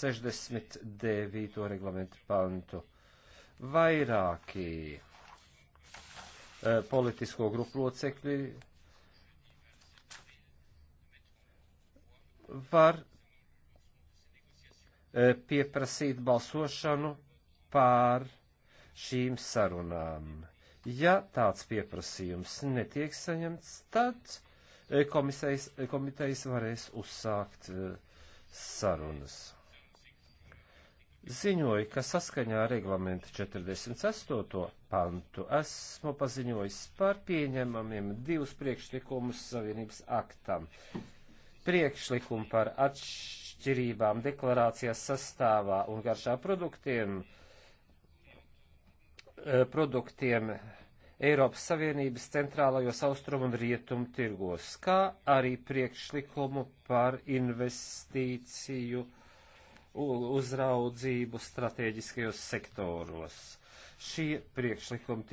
69. reglamentu pantu. Vairāki eh, politisko grupu locekļi var eh, pieprasīt balsošanu pār šīm sarunām. Ja tāds pieprasījums netiek saņemts, tad eh, komisijas, komitejas varēs uzsākt sarunas ziņoju, ka saskaņā ar reglamentu 48. pantu esmu paziņojis par pieņemamiem divus priekšlikumus Savienības aktam. Priekšlikumu par atšķirībām deklarācijas sastāvā un garšā produktiem, eh, produktiem Eiropas Savienības centrālajos austrumu un rietumu tirgos, kā arī priekšlikumu par investīciju uh, uzraudzību strateģiskajos sektoros. Šie priekšlikumi